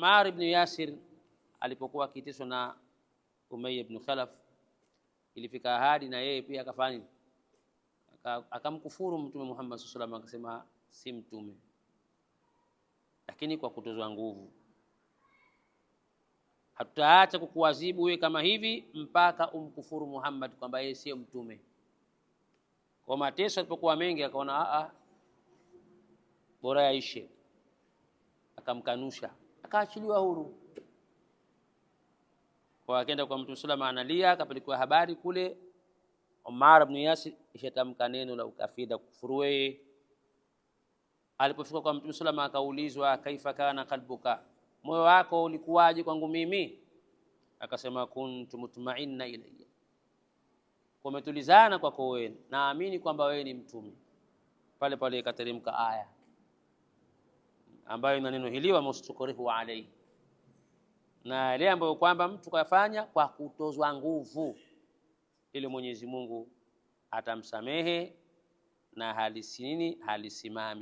Umar ibn Yasir alipokuwa akiteswa na Umayya ibn Khalaf, ilifika ahadi na yeye pia akafanya akamkufuru Mtume Muhammad sallallahu alaihi wasallam, akasema si mtume, lakini kwa kutozwa nguvu. Hatutaacha kukuadhibu wewe kama hivi mpaka umkufuru Muhammad kwamba yeye sio mtume. Kwa mateso alipokuwa mengi, akaona a bora yaishe, akamkanusha akaachiliwa huru. Kwa akaenda kwa Mtume salama analia, akapelekwa habari kule. Omar ibn Yasir ishatamka neno la ukafida kufuru wewe. Alipofika kwa Mtume salama akaulizwa, kaifa kana kalbuka, moyo wako ulikuwaje kwangu mimi? Akasema kuntu mutmainna ilayya, kumetulizana kwako wewe, naamini kwamba wewe ni mtume. Pale pale ikateremka aya ambayo ina neno hili wa mustukrihu alayhi, na ile ambayo kwamba mtu kafanya kwa kutozwa nguvu, ili Mwenyezi Mungu atamsamehe na halisinini halisimami